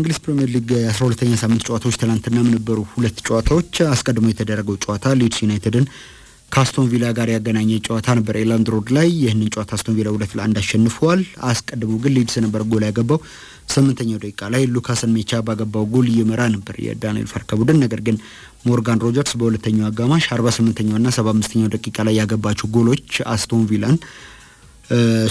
እንግሊዝ ፕሪምየር ሊግ የአስራ ሁለተኛ ሳምንት ጨዋታዎች ትናንትናም ነበሩ ሁለት ጨዋታዎች። አስቀድሞ የተደረገው ጨዋታ ሊድስ ዩናይትድን ከአስቶን ቪላ ጋር ያገናኘ ጨዋታ ነበር ኤላንድ ሮድ ላይ። ይህንን ጨዋታ አስቶን ቪላ ሁለት ለአንድ አሸንፏል። አስቀድሞ ግን ሊድስ ነበር ጎል ያገባው። ስምንተኛው ደቂቃ ላይ ሉካስን ሜቻ ባገባው ጎል እየመራ ነበር የዳንኤል ፈርከ ቡድን። ነገር ግን ሞርጋን ሮጀርስ በሁለተኛው አጋማሽ አርባ ስምንተኛው ና ሰባ አምስተኛው ደቂቃ ላይ ያገባቸው ጎሎች አስቶን ቪላን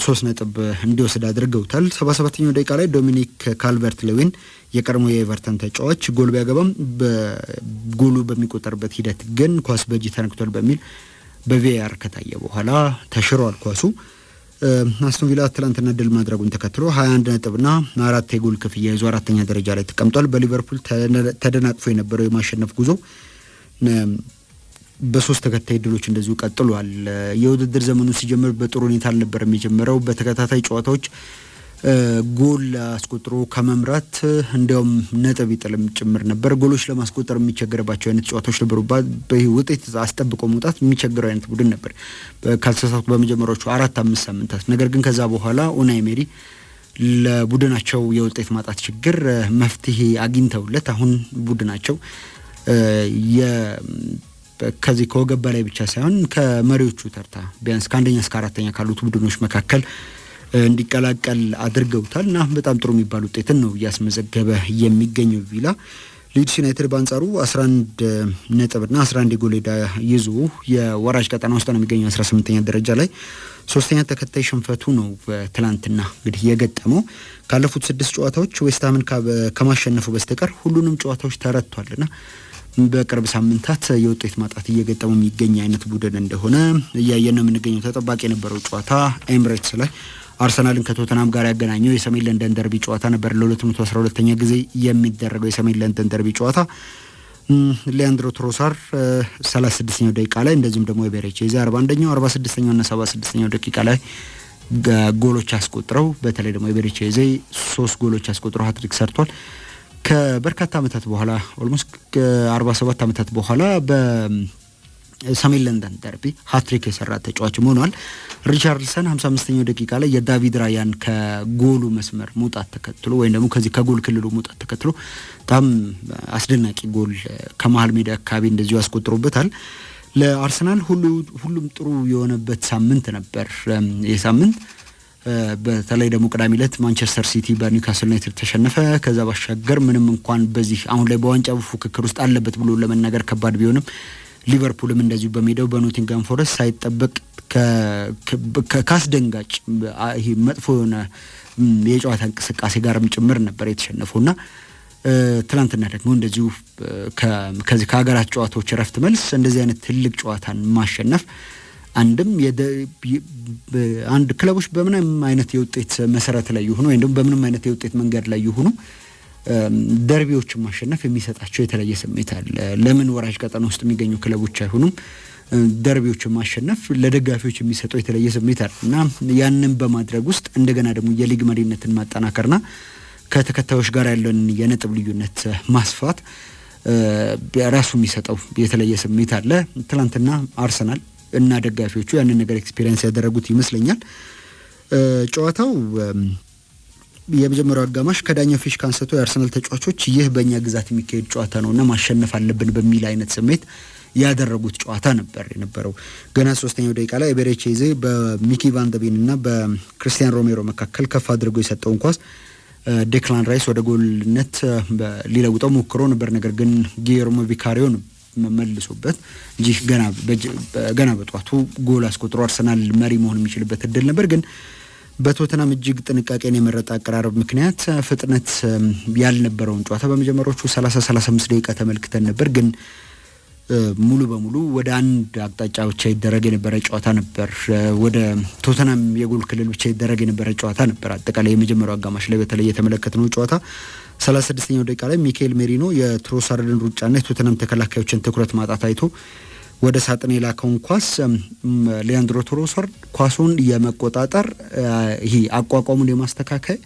ሶስት ነጥብ እንዲወስድ አድርገውታል። ሰባ ሰባተኛው ደቂቃ ላይ ዶሚኒክ ካልቨርት ሌዊን የቀድሞ የኤቨርተን ተጫዋች ጎል ቢያገባም በጎሉ በሚቆጠርበት ሂደት ግን ኳስ በእጅ ተነክቷል በሚል በቪአር ከታየ በኋላ ተሽሯል ኳሱ። አስቶን ቪላ ትላንትና ድል ማድረጉን ተከትሎ 21 ነጥብና አራት የጎል ክፍያ ይዞ አራተኛ ደረጃ ላይ ተቀምጧል። በሊቨርፑል ተደናቅፎ የነበረው የማሸነፍ ጉዞ በሶስት ተከታይ ድሎች እንደዚሁ ቀጥሏል። የውድድር ዘመኑ ሲጀምር በጥሩ ሁኔታ አልነበረም የጀመረው። በተከታታይ ጨዋታዎች ጎል አስቆጥሮ ከመምራት እንዲያውም ነጥብ ይጥልም ጭምር ነበር። ጎሎች ለማስቆጠር የሚቸገርባቸው አይነት ጨዋታዎች ነበሩባት። በውጤት አስጠብቆ መውጣት የሚቸገረው አይነት ቡድን ነበር ካልተሳሳትኩ በመጀመሪያዎቹ አራት አምስት ሳምንታት። ነገር ግን ከዛ በኋላ ኡናይ ኤመሪ ለቡድናቸው የውጤት ማጣት ችግር መፍትሄ አግኝተውለት አሁን ቡድናቸው ከዚህ ከወገብ በላይ ብቻ ሳይሆን ከመሪዎቹ ተርታ ቢያንስ ከአንደኛ እስከ አራተኛ ካሉት ቡድኖች መካከል እንዲቀላቀል አድርገውታል እና በጣም ጥሩ የሚባል ውጤትን ነው እያስመዘገበ የሚገኘው ቪላ። ሊድስ ዩናይትድ በአንጻሩ 11 ነጥብና 11 የጎል ዕዳ ይዞ የወራጅ ቀጠና ውስጥ ነው የሚገኘው 18ኛ ደረጃ ላይ። ሶስተኛ ተከታይ ሽንፈቱ ነው ትላንትና እንግዲህ የገጠመው። ካለፉት ስድስት ጨዋታዎች ዌስትሃምን ከማሸነፉ በስተቀር ሁሉንም ጨዋታዎች ተረቷልና በቅርብ ሳምንታት የውጤት ማጣት እየገጠሙ የሚገኝ አይነት ቡድን እንደሆነ እያየን ነው የምንገኘው። ተጠባቂ የነበረው ጨዋታ ኤምሬትስ ላይ አርሰናልን ከቶተናም ጋር ያገናኘው የሰሜን ለንደን ደርቢ ጨዋታ ነበር። ለ212ኛ ጊዜ የሚደረገው የሰሜን ለንደን ደርቢ ጨዋታ ሊያንድሮ ትሮሳር 36ኛው ደቂቃ ላይ እንደዚሁም ደግሞ የቤሬቼዜ 41ኛው፣ 46ኛው እና 76ኛው ደቂቃ ላይ ጎሎች አስቆጥረው በተለይ ደግሞ ዜ ሶስት ጎሎች አስቆጥረው ሀትሪክ ሰርቷል። ከበርካታ ዓመታት በኋላ ኦልሞስት ከአርባ ሰባት ዓመታት በኋላ በሰሜን ለንደን ደርቢ ሀትሪክ የሰራ ተጫዋች ሆኗል። ሪቻርልሰን 55ኛው ደቂቃ ላይ የዳቪድ ራያን ከጎሉ መስመር መውጣት ተከትሎ ወይም ደግሞ ከዚህ ከጎል ክልሉ መውጣት ተከትሎ በጣም አስደናቂ ጎል ከመሀል ሜዳ አካባቢ እንደዚሁ ያስቆጥሮበታል። ለአርሰናል ሁሉም ጥሩ የሆነበት ሳምንት ነበር ይህ ሳምንት በተለይ ደግሞ ቅዳሜ ዕለት ማንቸስተር ሲቲ በኒውካስል ዩናይትድ ተሸነፈ። ከዛ ባሻገር ምንም እንኳን በዚህ አሁን ላይ በዋንጫ ፉክክር ውስጥ አለበት ብሎ ለመናገር ከባድ ቢሆንም ሊቨርፑልም እንደዚሁ በሜዳው በኖቲንጋም ፎረስት ሳይጠበቅ ከአስደንጋጭ ይሄ መጥፎ የሆነ የጨዋታ እንቅስቃሴ ጋርም ጭምር ነበር የተሸነፈውና ትላንትና ደግሞ እንደዚሁ ከዚህ ከሀገራት ጨዋታዎች እረፍት መልስ እንደዚህ አይነት ትልቅ ጨዋታን ማሸነፍ አንድም አንድ ክለቦች በምንም አይነት የውጤት መሰረት ላይ ይሁኑ ወይም ደግሞ በምንም አይነት የውጤት መንገድ ላይ ይሁኑ ደርቢዎችን ማሸነፍ የሚሰጣቸው የተለየ ስሜት አለ። ለምን ወራጅ ቀጠና ውስጥ የሚገኙ ክለቦች አይሆኑም? ደርቢዎችን ማሸነፍ ለደጋፊዎች የሚሰጠው የተለየ ስሜት አለ እና ያንን በማድረግ ውስጥ እንደገና ደግሞ የሊግ መሪነትን ማጠናከርና ከተከታዮች ጋር ያለውን የነጥብ ልዩነት ማስፋት ራሱ የሚሰጠው የተለየ ስሜት አለ። ትናንትና አርሰናል እና ደጋፊዎቹ ያንን ነገር ኤክስፔሪንስ ያደረጉት ይመስለኛል። ጨዋታው የመጀመሪያው አጋማሽ ከዳኛው ፊሽ ካንሰቶ የአርሰናል ተጫዋቾች ይህ በእኛ ግዛት የሚካሄድ ጨዋታ ነው እና ማሸነፍ አለብን በሚል አይነት ስሜት ያደረጉት ጨዋታ ነበር የነበረው። ገና ሶስተኛው ደቂቃ ላይ ኤቤሬቼዜ በሚኪ ቫንደቤን እና በክርስቲያን ሮሜሮ መካከል ከፍ አድርጎ የሰጠውን ኳስ ዴክላን ራይስ ወደ ጎልነት ሊለውጠው ሞክሮ ነበር። ነገር ግን ጊየርሞ ቪካሪዮ ነው መልሶበት ይህ ገና በጠዋቱ ጎል አስቆጥሮ አርሰናል መሪ መሆን የሚችልበት እድል ነበር። ግን በቶተናም እጅግ ጥንቃቄን የመረጠ አቀራረብ ምክንያት ፍጥነት ያልነበረውን ጨዋታ በመጀመሪያዎቹ 30 35 ደቂቃ ተመልክተን ነበር ግን ሙሉ በሙሉ ወደ አንድ አቅጣጫ ብቻ ይደረግ የነበረ ጨዋታ ነበር። ወደ ቶተናም የጎል ክልል ብቻ ይደረግ የነበረ ጨዋታ ነበር። አጠቃላይ የመጀመሪያው አጋማሽ ላይ በተለይ የተመለከትነው ጨዋታ 36ኛው ደቂቃ ላይ ሚካኤል ሜሪኖ የትሮሳርድን ሩጫና የቶተናም ተከላካዮችን ትኩረት ማጣት አይቶ ወደ ሳጥን የላከውን ኳስ ሊያንድሮ ትሮሳርድ ኳሱን የመቆጣጠር ይሄ አቋቋሙን የማስተካከል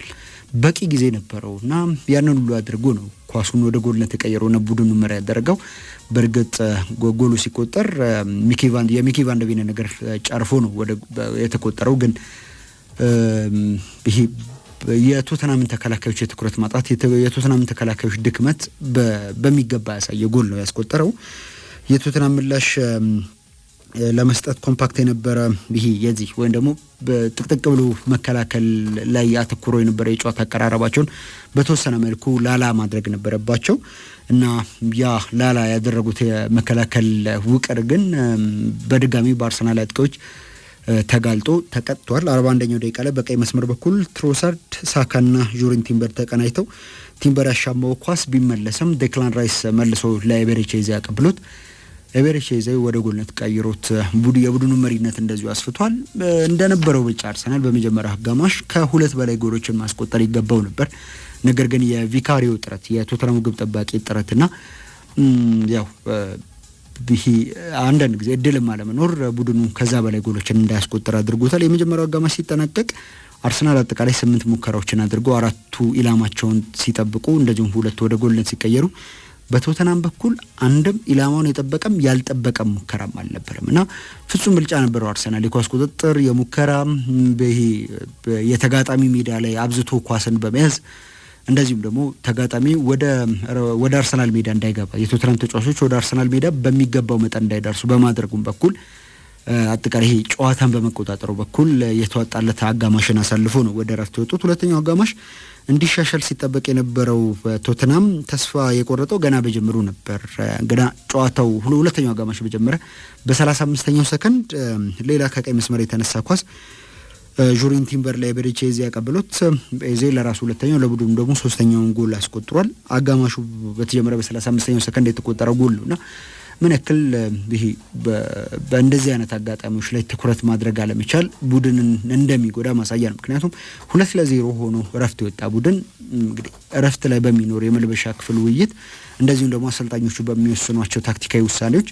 በቂ ጊዜ ነበረው እና ያንን ሁሉ አድርጎ ነው ኳሱን ወደ ጎልነት የቀየረውና ቡድኑ መሪ ያደረገው። በእርግጥ ጎሉ ሲቆጠር የሚኪ ቫንደቬን ነገር ጨርፎ ነው የተቆጠረው ግን ይሄ የቶተናምን ተከላካዮች የትኩረት ማጣት፣ የቶተናምን ተከላካዮች ድክመት በሚገባ ያሳየ ጎል ነው ያስቆጠረው። የቶተናም ምላሽ ለመስጠት ኮምፓክት የነበረ ይሄ የዚህ ወይም ደግሞ በጥቅጥቅ ብሎ መከላከል ላይ ያተኩሮ የነበረ የጨዋታ አቀራረባቸውን በተወሰነ መልኩ ላላ ማድረግ ነበረባቸው እና ያ ላላ ያደረጉት የመከላከል ውቅር ግን በድጋሚ በአርሰናል አጥቂዎች ተጋልጦ ተቀጥቷል። አርባ አንደኛው ደቂቃ ላይ በቀይ መስመር በኩል ትሮሳርድ፣ ሳካና ጆሪን ቲምበር ተቀናጅተው ቲምበር ያሻማው ኳስ ቢመለስም ዴክላን ራይስ መልሶ ዘ ያቀብሎት ዘ ወደ ጎልነት ቀይሮት የቡድኑ መሪነት እንደዚሁ አስፍቷል። እንደነበረው ብቻ አርሰናል በመጀመሪያ አጋማሽ ከሁለት በላይ ጎሎችን ማስቆጠር ይገባው ነበር። ነገር ግን የቪካሪዮ ጥረት የቶተናሙ ግብ ጠባቂ ጥረትና ያው ይሄ አንዳንድ ጊዜ እድልም አለመኖር ቡድኑ ከዛ በላይ ጎሎችን እንዳያስቆጥር አድርጎታል። የመጀመሪያው አጋማሽ ሲጠናቀቅ አርሰናል አጠቃላይ ስምንት ሙከራዎችን አድርገው አራቱ ኢላማቸውን ሲጠብቁ፣ እንደዚሁም ሁለቱ ወደ ጎልነት ሲቀየሩ በቶተናም በኩል አንድም ኢላማውን የጠበቀም ያልጠበቀም ሙከራም አልነበረም እና ፍጹም ብልጫ ነበረው አርሰናል። የኳስ ቁጥጥር የሙከራም የተጋጣሚ ሜዳ ላይ አብዝቶ ኳስን በመያዝ እንደዚሁም ደግሞ ተጋጣሚ ወደ አርሰናል ሜዳ እንዳይገባ የቶትናም ተጫዋቾች ወደ አርሰናል ሜዳ በሚገባው መጠን እንዳይደርሱ በማድረጉም በኩል አጠቃላይ ይሄ ጨዋታን በመቆጣጠሩ በኩል የተዋጣለት አጋማሽን አሳልፎ ነው ወደ ረፍት የወጡት። ሁለተኛው አጋማሽ እንዲሻሻል ሲጠበቅ የነበረው ቶትናም ተስፋ የቆረጠው ገና በጀምሩ ነበር። ገና ጨዋታው ሁለተኛው አጋማሽ በጀመረ በሰላሳ አምስተኛው ሰከንድ ሌላ ከቀይ መስመር የተነሳ ኳስ ጁሪን ቲምበር ላይ በደቼ ኤዜ ያቀበሉት ኤዜ ለራሱ ሁለተኛው ለቡድኑ ደግሞ ሶስተኛውን ጎል አስቆጥሯል። አጋማሹ በተጀመረ በ 35 ሰከንድ የተቆጠረ ጎል ነው እና ምን ያክል ይሄ በእንደዚህ አይነት አጋጣሚዎች ላይ ትኩረት ማድረግ አለመቻል ቡድንን እንደሚጎዳ ማሳያ ነው። ምክንያቱም ሁለት ለዜሮ ሆኖ እረፍት የወጣ ቡድን እንግዲህ እረፍት ላይ በሚኖር የመልበሻ ክፍል ውይይት እንደዚሁም ደግሞ አሰልጣኞቹ በሚወስኗቸው ታክቲካዊ ውሳኔዎች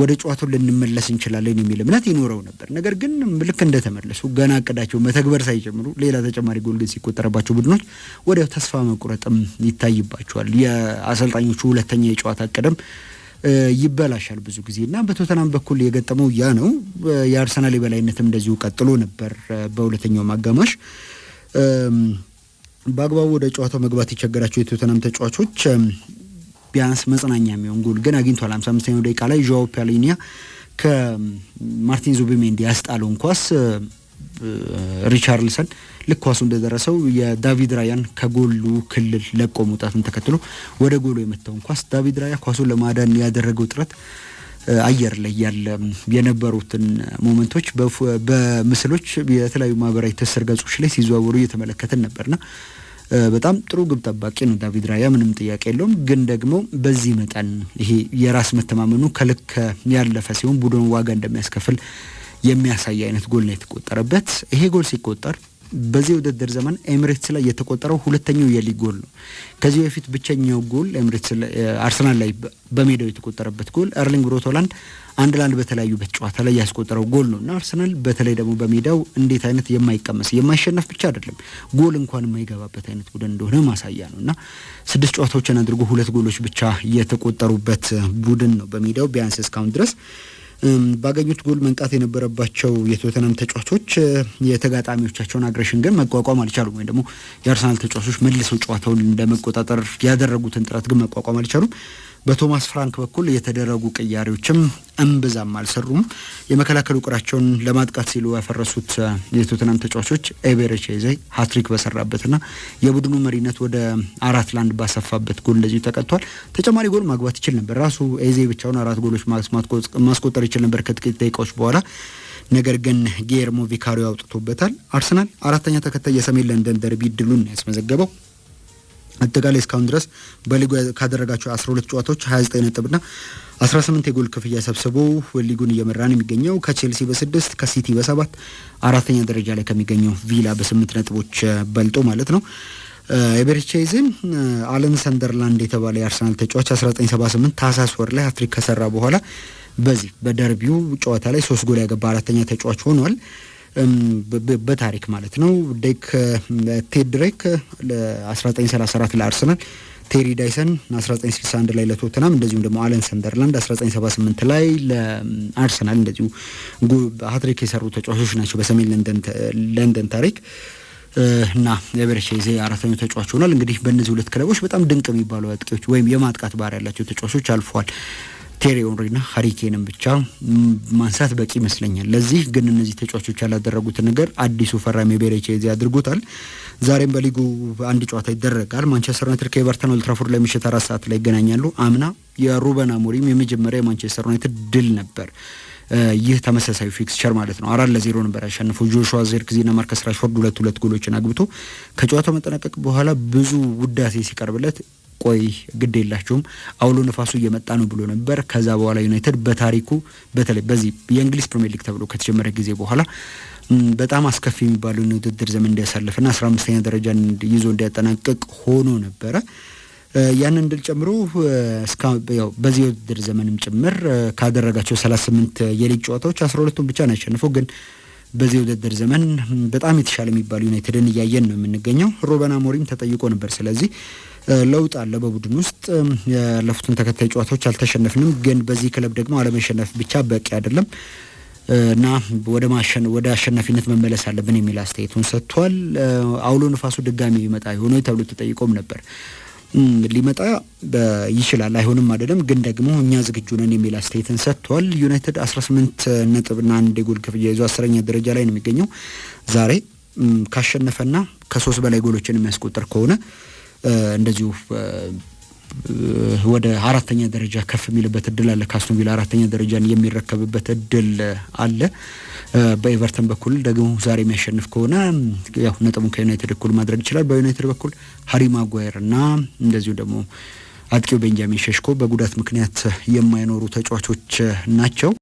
ወደ ጨዋታው ልንመለስ እንችላለን የሚል እምነት ይኖረው ነበር። ነገር ግን ልክ እንደተመለሱ ገና እቅዳቸው መተግበር ሳይጀምሩ ሌላ ተጨማሪ ጎል ግን ሲቆጠረባቸው ቡድኖች ወደ ተስፋ መቁረጥም ይታይባቸዋል። የአሰልጣኞቹ ሁለተኛ የጨዋታ እቅድም ይበላሻል ብዙ ጊዜ እና በቶተናም በኩል የገጠመው ያ ነው። የአርሰናል የበላይነትም እንደዚሁ ቀጥሎ ነበር። በሁለተኛውም አጋማሽ በአግባቡ ወደ ጨዋታው መግባት የቸገራቸው የቶተናም ተጫዋቾች ቢያንስ መጽናኛ የሚሆን ጎል ግን አግኝቷል 5 55ኛው ደቂቃ ላይ ዣዋ ፓሊኒያ ከማርቲን ዙቢሜንዲ ያስጣለውን ኳስ ሪቻርልሰን ልክ ኳሱ እንደደረሰው የዳቪድ ራያን ከጎሉ ክልል ለቆ መውጣትን ተከትሎ ወደ ጎሉ የመታውን ኳስ ዳቪድ ራያ ኳሱን ለማዳን ያደረገው ጥረት አየር ላይ ያለ የነበሩትን ሞመንቶች በምስሎች የተለያዩ ማህበራዊ ትስስር ገጾች ላይ ሲዘዋወሩ እየተመለከትን ነበርና በጣም ጥሩ ግብ ጠባቂ ነው ዳቪድ ራያ፣ ምንም ጥያቄ የለውም። ግን ደግሞ በዚህ መጠን ይሄ የራስ መተማመኑ ከልክ ያለፈ ሲሆን ቡድን ዋጋ እንደሚያስከፍል የሚያሳይ አይነት ጎል ነው የተቆጠረበት። ይሄ ጎል ሲቆጠር በዚህ የውድድር ዘመን ኤምሬትስ ላይ የተቆጠረው ሁለተኛው የሊግ ጎል ነው። ከዚህ በፊት ብቸኛው ጎል ኤምሬትስ አርሰናል ላይ በሜዳው የተቆጠረበት ጎል ኤርሊንግ ብሮቶላንድ አንድ ለአንድ በተለያዩበት ጨዋታ ላይ ያስቆጠረው ጎል ነው እና አርሰናል በተለይ ደግሞ በሜዳው እንዴት አይነት የማይቀመስ የማይሸነፍ ብቻ አይደለም ጎል እንኳን የማይገባበት አይነት ቡድን እንደሆነ ማሳያ ነው እና ስድስት ጨዋታዎችን አድርጎ ሁለት ጎሎች ብቻ የተቆጠሩበት ቡድን ነው በሜዳው ቢያንስ እስካሁን ድረስ ባገኙት ጎል መንጣት የነበረባቸው የቶተናም ተጫዋቾች የተጋጣሚዎቻቸውን አግሬሽን ግን መቋቋም አልቻሉም። ወይም ደግሞ የአርሰናል ተጫዋቾች መልሰው ጨዋታውን ለመቆጣጠር ያደረጉትን ጥረት ግን መቋቋም አልቻሉም። በቶማስ ፍራንክ በኩል የተደረጉ ቅያሬዎችም እምብዛም አልሰሩም። የመከላከል ውቅራቸውን ለማጥቃት ሲሉ ያፈረሱት የቶተናም ተጫዋቾች ኤቤሬቺ ኤዜ ሀትሪክ በሰራበትና የቡድኑ መሪነት ወደ አራት ላንድ ባሰፋበት ጎል እንደዚሁ ተቀጥቷል። ተጨማሪ ጎል ማግባት ይችል ነበር። ራሱ ኤዜ ብቻውን አራት ጎሎች ማስቆጠር ይችል ነበር ከጥቂት ደቂቃዎች በኋላ ነገር ግን ጌርሞ ቪካሪዮ አውጥቶበታል። አርሰናል አራተኛ ተከታይ የሰሜን ለንደን ደርቢ ድሉን ያስመዘገበው አጠቃላይ እስካሁን ድረስ በሊጉ ካደረጋቸው 12 ጨዋታዎች 29 ነጥብና 18 የጎል ክፍያ ሰብስቦ ሊጉን እየመራን የሚገኘው ከቼልሲ በስድስት ከሲቲ በሰባት አራተኛ ደረጃ ላይ ከሚገኘው ቪላ በስምንት ነጥቦች በልጦ ማለት ነው። ኤቤሬቺ አለን ሰንደርላንድ የተባለ የአርሰናል ተጫዋች 1978 ታህሳስ ወር ላይ ሃትሪክ ከሰራ በኋላ በዚህ በደርቢው ጨዋታ ላይ ሶስት ጎል ያገባ አራተኛ ተጫዋች ሆኗል። በታሪክ ማለት ነው። ዴክ ቴድ ድሬክ ለ1934 ለአርሰናል ቴሪ ዳይሰን 1961 ላይ ለቶትናም እንደዚሁም ደግሞ አለን ሰንደርላንድ 1978 ላይ ለአርሰናል እንደዚሁ ሀትሪክ የሰሩ ተጫዋቾች ናቸው በሰሜን ለንደን ታሪክ እና የበረሻ ዜ አራተኛው ተጫዋች ሆኗል። እንግዲህ በእነዚህ ሁለት ክለቦች በጣም ድንቅ የሚባሉ አጥቂዎች ወይም የማጥቃት ባህር ያላቸው ተጫዋቾች አልፈዋል። ቴሪ ኦንሪና ሀሪኬንን ብቻ ማንሳት በቂ ይመስለኛል። ለዚህ ግን እነዚህ ተጫዋቾች ያላደረጉትን ነገር አዲሱ ፈራሚ ቤሬቼዚ አድርጎታል። ዛሬም በሊጉ አንድ ጨዋታ ይደረጋል። ማንቸስተር ዩናይትድ ከኤቨርተን ኦልትራፎርድ ላይ ምሽት አራት ሰዓት ላይ ይገናኛሉ። አምና የሩበን አሞሪም የመጀመሪያ የማንቸስተር ዩናይትድ ድል ነበር። ይህ ተመሳሳይ ፊክስቸር ማለት ነው። አራት ለዜሮ ነበር ያሸንፈው። ጆሹዋ ዜርክዚና ማርከስ ራሽፎርድ ሁለት ሁለት ጎሎችን አግብቶ ከጨዋታው መጠናቀቅ በኋላ ብዙ ውዳሴ ሲቀርብለት ቆይ ግድ የላቸውም አውሎ ነፋሱ እየመጣ ነው ብሎ ነበር። ከዛ በኋላ ዩናይትድ በታሪኩ በተለይ በዚህ የእንግሊዝ ፕሪሚየር ሊግ ተብሎ ከተጀመረ ጊዜ በኋላ በጣም አስከፊ የሚባለውን ውድድር ዘመን እንዲያሳልፍና አስራ አምስተኛ ደረጃ ይዞ እንዲያጠናቅቅ ሆኖ ነበረ። ያንን ድል ጨምሮ በዚህ የውድድር ዘመንም ጭምር ካደረጋቸው 38 ስምንት የሊግ ጨዋታዎች አስራ ሁለቱን ብቻ ነው ያሸንፈው ግን በዚህ ውድድር ዘመን በጣም የተሻለ የሚባሉ ዩናይትድን እያየን ነው የምንገኘው። ሩበን አሞሪም ተጠይቆ ነበር ስለዚህ ለውጥ አለ በቡድን ውስጥ። ያለፉትን ተከታይ ጨዋታዎች አልተሸነፍንም፣ ግን በዚህ ክለብ ደግሞ አለመሸነፍ ብቻ በቂ አይደለም እና ወደ ማሸን ወደ አሸናፊነት መመለስ አለብን የሚል አስተያየቱን ሰጥቷል። አውሎ ንፋሱ ድጋሚ ይመጣ ሆኖ ተብሎ ተጠይቆም ነበር። ሊመጣ ይችላል አይሆንም አይደለም፣ ግን ደግሞ እኛ ዝግጁ ነን የሚል አስተያየትን ሰጥቷል። ዩናይትድ 18 ነጥብና አንድ የጎል ክፍያ ይዞ አስረኛ ደረጃ ላይ ነው የሚገኘው። ዛሬ ካሸነፈና ከሶስት በላይ ጎሎችን የሚያስቆጥር ከሆነ እንደዚሁ ወደ አራተኛ ደረጃ ከፍ የሚልበት እድል አለ። ካስቶን ቪላ አራተኛ ደረጃን የሚረከብበት እድል አለ። በኤቨርተን በኩል ደግሞ ዛሬ የሚያሸንፍ ከሆነ ያው ነጥቡን ከዩናይትድ እኩል ማድረግ ይችላል። በዩናይትድ በኩል ሀሪ ማጓየር እና እንደዚሁ ደግሞ አጥቂው ቤንጃሚን ሸሽኮ በጉዳት ምክንያት የማይኖሩ ተጫዋቾች ናቸው።